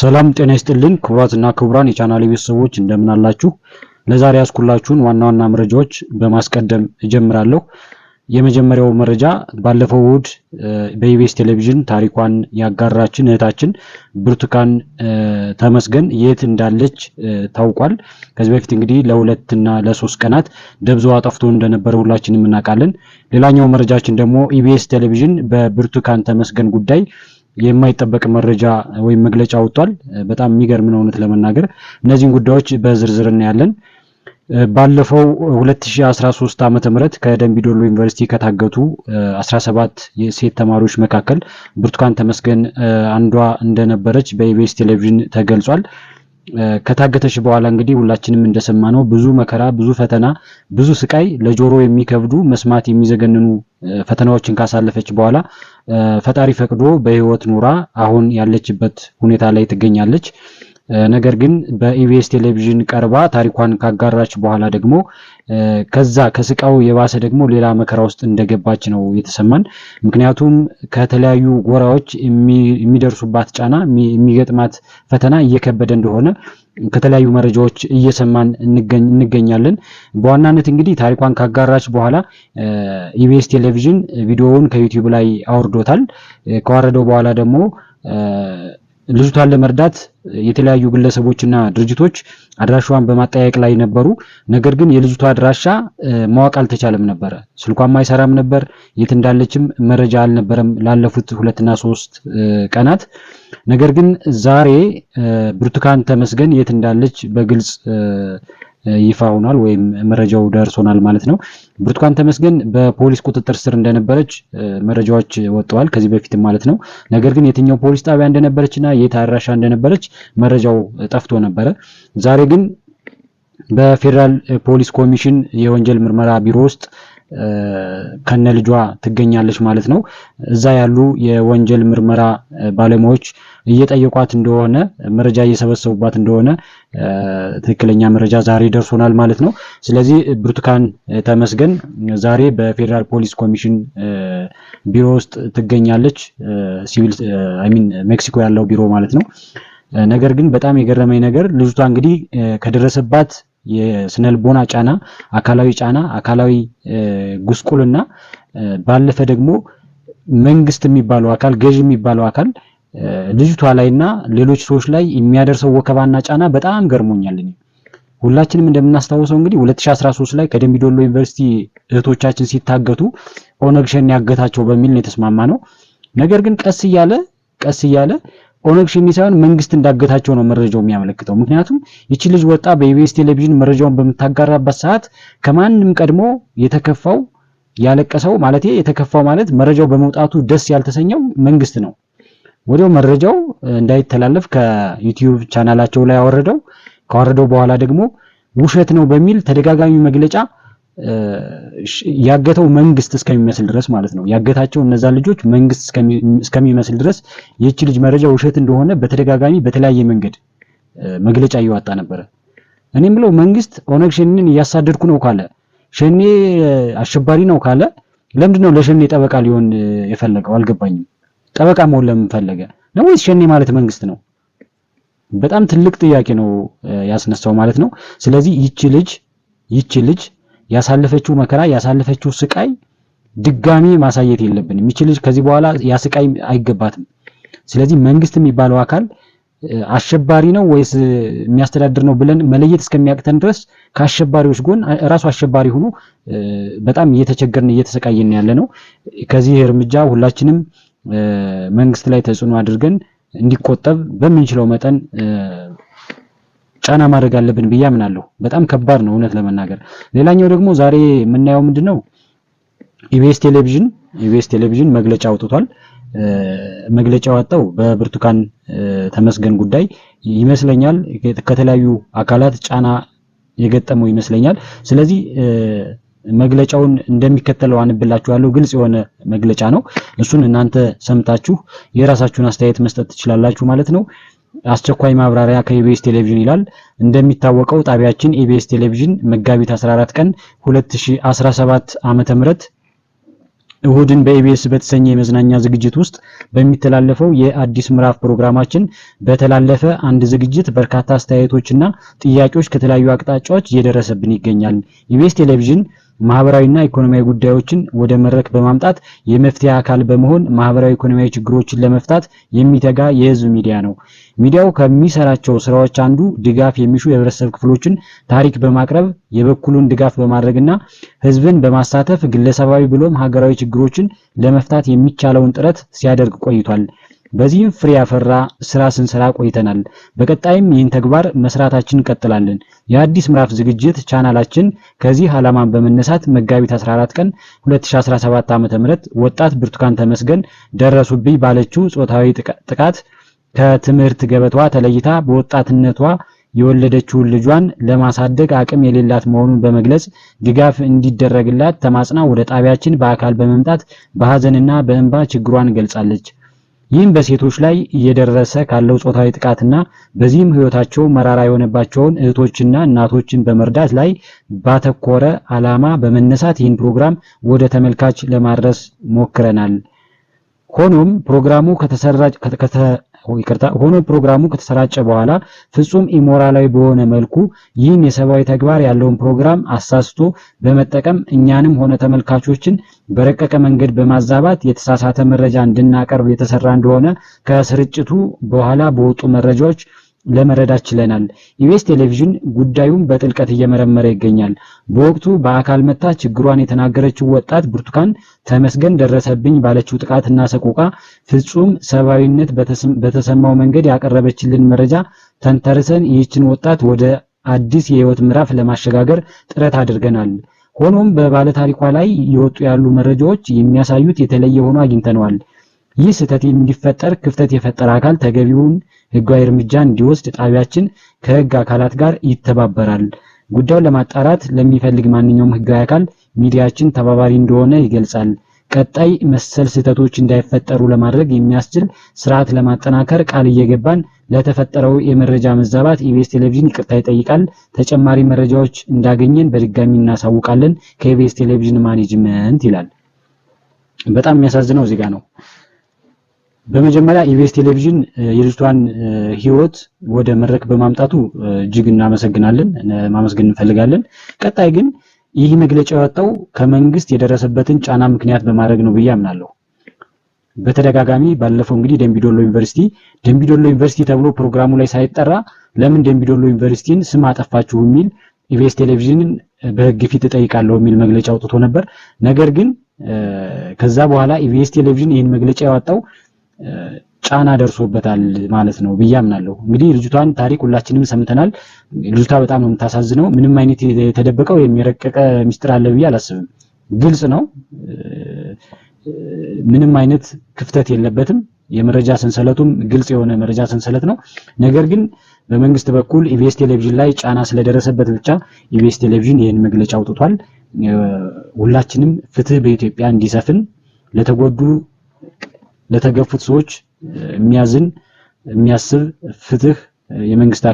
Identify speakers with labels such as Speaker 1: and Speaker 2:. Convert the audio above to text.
Speaker 1: ሰላም ጤና ይስጥልን ክቡራትና ክቡራን የቻናል ቤተሰቦች እንደምን አላችሁ? ለዛሬ ያስኩላችሁን ዋና ዋና መረጃዎች በማስቀደም እጀምራለሁ። የመጀመሪያው መረጃ ባለፈው እሁድ በኢቢኤስ ቴሌቪዥን ታሪኳን ያጋራችን እህታችን ብርቱካን ተመስገን የት እንዳለች ታውቋል። ከዚህ በፊት እንግዲህ ለሁለትና ለሶስት ቀናት ደብዛዋ ጠፍቶ እንደነበረ ሁላችንም እናውቃለን። ሌላኛው መረጃችን ደግሞ ኢቢኤስ ቴሌቪዥን በብርቱካን ተመስገን ጉዳይ የማይጠበቅ መረጃ ወይም መግለጫ ወጥቷል። በጣም የሚገርም ነው እውነት ለመናገር እነዚህን ጉዳዮች በዝርዝር እናያለን። ባለፈው 2013 ዓ.ም ከደምቢዶሎ ዩኒቨርሲቲ ከታገቱ 17 የሴት ተማሪዎች መካከል ብርቱካን ተመስገን አንዷ እንደነበረች በኢቢኤስ ቴሌቪዥን ተገልጿል። ከታገተች በኋላ እንግዲህ ሁላችንም እንደሰማነው ብዙ መከራ፣ ብዙ ፈተና፣ ብዙ ስቃይ፣ ለጆሮ የሚከብዱ መስማት የሚዘገንኑ ፈተናዎችን ካሳለፈች በኋላ ፈጣሪ ፈቅዶ በህይወት ኑራ አሁን ያለችበት ሁኔታ ላይ ትገኛለች። ነገር ግን በኢቢኤስ ቴሌቪዥን ቀርባ ታሪኳን ካጋራች በኋላ ደግሞ ከዛ ከስቃው የባሰ ደግሞ ሌላ መከራ ውስጥ እንደገባች ነው የተሰማን። ምክንያቱም ከተለያዩ ጎራዎች የሚደርሱባት ጫና፣ የሚገጥማት ፈተና እየከበደ እንደሆነ ከተለያዩ መረጃዎች እየሰማን እንገኛለን። በዋናነት እንግዲህ ታሪኳን ካጋራች በኋላ ኢቢኤስ ቴሌቪዥን ቪዲዮውን ከዩቲዩብ ላይ አውርዶታል። ከዋረደው በኋላ ደግሞ ልጅቷን ለመርዳት የተለያዩ ግለሰቦችና ድርጅቶች አድራሻዋን በማጠያየቅ ላይ ነበሩ። ነገር ግን የልጅቷ አድራሻ ማወቅ አልተቻለም ነበረ። ስልኳም አይሰራም ነበር። የት እንዳለችም መረጃ አልነበረም ላለፉት ሁለትና ሶስት ቀናት። ነገር ግን ዛሬ ብርቱካን ተመስገን የት እንዳለች በግልጽ ይፋ ሆኗል ወይም መረጃው ደርሶናል ማለት ነው። ብርቱካን ተመስገን በፖሊስ ቁጥጥር ስር እንደነበረች መረጃዎች ወጥተዋል ከዚህ በፊትም ማለት ነው። ነገር ግን የትኛው ፖሊስ ጣቢያ እንደነበረች እና የት አድራሻ እንደነበረች መረጃው ጠፍቶ ነበረ። ዛሬ ግን በፌዴራል ፖሊስ ኮሚሽን የወንጀል ምርመራ ቢሮ ውስጥ ከነ ልጇ ትገኛለች ማለት ነው። እዛ ያሉ የወንጀል ምርመራ ባለሙያዎች እየጠየቋት እንደሆነ መረጃ እየሰበሰቡባት እንደሆነ ትክክለኛ መረጃ ዛሬ ደርሶናል ማለት ነው። ስለዚህ ብርቱካን ተመስገን ዛሬ በፌዴራል ፖሊስ ኮሚሽን ቢሮ ውስጥ ትገኛለች። ሲቪል አይ ሚን ሜክሲኮ ያለው ቢሮ ማለት ነው። ነገር ግን በጣም የገረመኝ ነገር ልጅቷ እንግዲህ ከደረሰባት የስነልቦና ጫና፣ አካላዊ ጫና፣ አካላዊ ጉስቁልና ባለፈ ደግሞ መንግስት የሚባለው አካል ገዥ የሚባለው አካል ልጅቷ ላይና ሌሎች ሰዎች ላይ የሚያደርሰው ወከባና ጫና በጣም ገርሞኛል። እኔ ሁላችንም እንደምናስታውሰው እንግዲህ 2013 ላይ ከደምቢዶሎ ዩኒቨርሲቲ እህቶቻችን ሲታገቱ ኦነግ ሸኔ ያገታቸው በሚል ነው የተስማማ ነው። ነገር ግን ቀስ እያለ ቀስ እያለ ኦነግ ሸኔ ሳይሆን መንግስት እንዳገታቸው ነው መረጃው የሚያመለክተው። ምክንያቱም ይቺ ልጅ ወጣ በኢቢኤስ ቴሌቪዥን መረጃውን በምታጋራበት ሰዓት ከማንም ቀድሞ የተከፋው ያለቀሰው ማለት የተከፋው ማለት መረጃው በመውጣቱ ደስ ያልተሰኘው መንግስት ነው። ወዲያው መረጃው እንዳይተላለፍ ከዩቲዩብ ቻናላቸው ላይ አወረደው። ካወረደው በኋላ ደግሞ ውሸት ነው በሚል ተደጋጋሚ መግለጫ ያገተው መንግስት እስከሚመስል ድረስ ማለት ነው። ያገታቸው እነዛ ልጆች መንግስት እስከሚመስል ድረስ ይህቺ ልጅ መረጃ ውሸት እንደሆነ በተደጋጋሚ በተለያየ መንገድ መግለጫ እየዋጣ ነበረ። እኔም ብለው መንግስት ኦነግ ሸኔን እያሳደድኩ ነው ካለ፣ ሸኔ አሸባሪ ነው ካለ ለምንድን ነው ለሸኔ ጠበቃ ሊሆን የፈለገው? አልገባኝም። ጠበቃ መሆን ለምን ፈለገ ነው? ወይስ ሸኔ ማለት መንግስት ነው? በጣም ትልቅ ጥያቄ ነው ያስነሳው ማለት ነው። ስለዚህ ይቺ ልጅ ይቺ ልጅ ያሳለፈችው መከራ ያሳለፈችው ስቃይ ድጋሚ ማሳየት የለብንም። ይች ልጅ ከዚህ በኋላ ያ ስቃይ አይገባትም። ስለዚህ መንግስት የሚባለው አካል አሸባሪ ነው ወይስ የሚያስተዳድር ነው ብለን መለየት እስከሚያቅተን ድረስ ከአሸባሪዎች ጎን ራሱ አሸባሪ ሆኖ በጣም እየተቸገርን እየተሰቃየን ያለ ነው። ከዚህ እርምጃ ሁላችንም መንግስት ላይ ተጽዕኖ አድርገን እንዲቆጠብ በምንችለው መጠን ጫና ማድረግ አለብን ብዬ አምናለሁ። በጣም ከባድ ነው እውነት ለመናገር። ሌላኛው ደግሞ ዛሬ የምናየው ምንድን ነው ኢቢኤስ ቴሌቪዥን ኢቢኤስ ቴሌቪዥን መግለጫ አውጥቷል። መግለጫ ያወጣው በብርቱካን ተመስገን ጉዳይ ይመስለኛል ከተለያዩ አካላት ጫና የገጠመው ይመስለኛል። ስለዚህ መግለጫውን እንደሚከተለው አንብላችኋለሁ። ግልጽ የሆነ መግለጫ ነው። እሱን እናንተ ሰምታችሁ የራሳችሁን አስተያየት መስጠት ትችላላችሁ ማለት ነው። አስቸኳይ ማብራሪያ ከኢቢኤስ ቴሌቪዥን ይላል። እንደሚታወቀው ጣቢያችን ኢቢኤስ ቴሌቪዥን መጋቢት 14 ቀን 2017 ዓመተ ምህረት እሁድን በኢቢኤስ በተሰኘ የመዝናኛ ዝግጅት ውስጥ በሚተላለፈው የአዲስ ምዕራፍ ፕሮግራማችን በተላለፈ አንድ ዝግጅት በርካታ አስተያየቶችና ጥያቄዎች ከተለያዩ አቅጣጫዎች እየደረሰብን ይገኛል። ኢቢኤስ ቴሌቪዥን ማህበራዊና ኢኮኖሚያዊ ጉዳዮችን ወደ መድረክ በማምጣት የመፍትሄ አካል በመሆን ማህበራዊ ኢኮኖሚያዊ ችግሮችን ለመፍታት የሚተጋ የህዝብ ሚዲያ ነው። ሚዲያው ከሚሰራቸው ስራዎች አንዱ ድጋፍ የሚሹ የህብረተሰብ ክፍሎችን ታሪክ በማቅረብ የበኩሉን ድጋፍ በማድረግና ህዝብን በማሳተፍ ግለሰባዊ ብሎም ሀገራዊ ችግሮችን ለመፍታት የሚቻለውን ጥረት ሲያደርግ ቆይቷል። በዚህም ፍሬ ያፈራ ስራ ስንሰራ ቆይተናል። በቀጣይም ይህን ተግባር መስራታችን እንቀጥላለን። የአዲስ ምዕራፍ ዝግጅት ቻናላችን ከዚህ ዓላማን በመነሳት መጋቢት 14 ቀን 2017 ዓ.ም ወጣት ብርቱካን ተመስገን ደረሱብኝ ባለችው ጾታዊ ጥቃት ከትምህርት ገበቷ ተለይታ በወጣትነቷ የወለደችውን ልጇን ለማሳደግ አቅም የሌላት መሆኑን በመግለጽ ድጋፍ እንዲደረግላት ተማጽና ወደ ጣቢያችን በአካል በመምጣት በሀዘንና በእንባ ችግሯን ገልጻለች። ይህም በሴቶች ላይ እየደረሰ ካለው ጾታዊ ጥቃትና በዚህም ህይወታቸው መራራ የሆነባቸውን እህቶችና እናቶችን በመርዳት ላይ ባተኮረ ዓላማ በመነሳት ይህን ፕሮግራም ወደ ተመልካች ለማድረስ ሞክረናል። ሆኖም ፕሮግራሙ ይቅርታ ሆኖ ፕሮግራሙ ከተሰራጨ በኋላ ፍጹም ኢሞራላዊ በሆነ መልኩ ይህን የሰብአዊ ተግባር ያለውን ፕሮግራም አሳስቶ በመጠቀም እኛንም ሆነ ተመልካቾችን በረቀቀ መንገድ በማዛባት የተሳሳተ መረጃ እንድናቀርብ የተሰራ እንደሆነ ከስርጭቱ በኋላ በወጡ መረጃዎች ለመረዳት ችለናል። ኢቢኤስ ቴሌቪዥን ጉዳዩን በጥልቀት እየመረመረ ይገኛል። በወቅቱ በአካል መታ ችግሯን የተናገረችው ወጣት ብርቱካን ተመስገን ደረሰብኝ ባለችው ጥቃትና ሰቆቃ ፍጹም ሰብአዊነት በተሰማው መንገድ ያቀረበችልን መረጃ ተንተርሰን ይህችን ወጣት ወደ አዲስ የህይወት ምዕራፍ ለማሸጋገር ጥረት አድርገናል። ሆኖም በባለታሪኳ ላይ የወጡ ያሉ መረጃዎች የሚያሳዩት የተለየ ሆኖ አግኝተነዋል። ይህ ስህተት እንዲፈጠር ክፍተት የፈጠረ አካል ተገቢውን ህጋዊ እርምጃ እንዲወስድ ጣቢያችን ከህግ አካላት ጋር ይተባበራል። ጉዳዩን ለማጣራት ለሚፈልግ ማንኛውም ህጋዊ አካል ሚዲያችን ተባባሪ እንደሆነ ይገልጻል። ቀጣይ መሰል ስህተቶች እንዳይፈጠሩ ለማድረግ የሚያስችል ስርዓት ለማጠናከር ቃል እየገባን ለተፈጠረው የመረጃ መዛባት ኢቢኤስ ቴሌቪዥን ይቅርታ ይጠይቃል። ተጨማሪ መረጃዎች እንዳገኘን በድጋሚ እናሳውቃለን። ከኢቢኤስ ቴሌቪዥን ማኔጅመንት ይላል። በጣም የሚያሳዝነው ዜጋ ነው። በመጀመሪያ ኢቢኤስ ቴሌቪዥን የልጅቷን ህይወት ወደ መድረክ በማምጣቱ እጅግ እናመሰግናለን፣ ማመስገን እንፈልጋለን። ቀጣይ ግን ይህ መግለጫ የወጣው ከመንግስት የደረሰበትን ጫና ምክንያት በማድረግ ነው ብዬ አምናለሁ። በተደጋጋሚ ባለፈው እንግዲህ ደምቢዶሎ ዩኒቨርሲቲ ደምቢዶሎ ዩኒቨርሲቲ ተብሎ ፕሮግራሙ ላይ ሳይጠራ ለምን ደምቢዶሎ ዩኒቨርሲቲን ስም አጠፋችሁ የሚል ኢቢኤስ ቴሌቪዥንን በህግ ፊት እጠይቃለሁ የሚል መግለጫ አውጥቶ ነበር። ነገር ግን ከዛ በኋላ ኢቢኤስ ቴሌቪዥን ይህን መግለጫ ያወጣው ጫና ደርሶበታል ማለት ነው ብዬ አምናለሁ። እንግዲህ ልጅቷን ታሪክ ሁላችንም ሰምተናል። ልጅቷ በጣም ነው የምታሳዝነው። ምንም አይነት የተደበቀ ወይም የረቀቀ ሚስጥር አለ ብዬ አላስብም። ግልጽ ነው። ምንም አይነት ክፍተት የለበትም። የመረጃ ሰንሰለቱም ግልጽ የሆነ መረጃ ሰንሰለት ነው። ነገር ግን በመንግስት በኩል ኢቢኤስ ቴሌቪዥን ላይ ጫና ስለደረሰበት ብቻ ኢቢኤስ ቴሌቪዥን ይህን መግለጫ አውጥቷል። ሁላችንም ፍትህ በኢትዮጵያ እንዲሰፍን ለተጎዱ ለተገፉት ሰዎች የሚያዝን የሚያስብ ፍትህ የመንግስት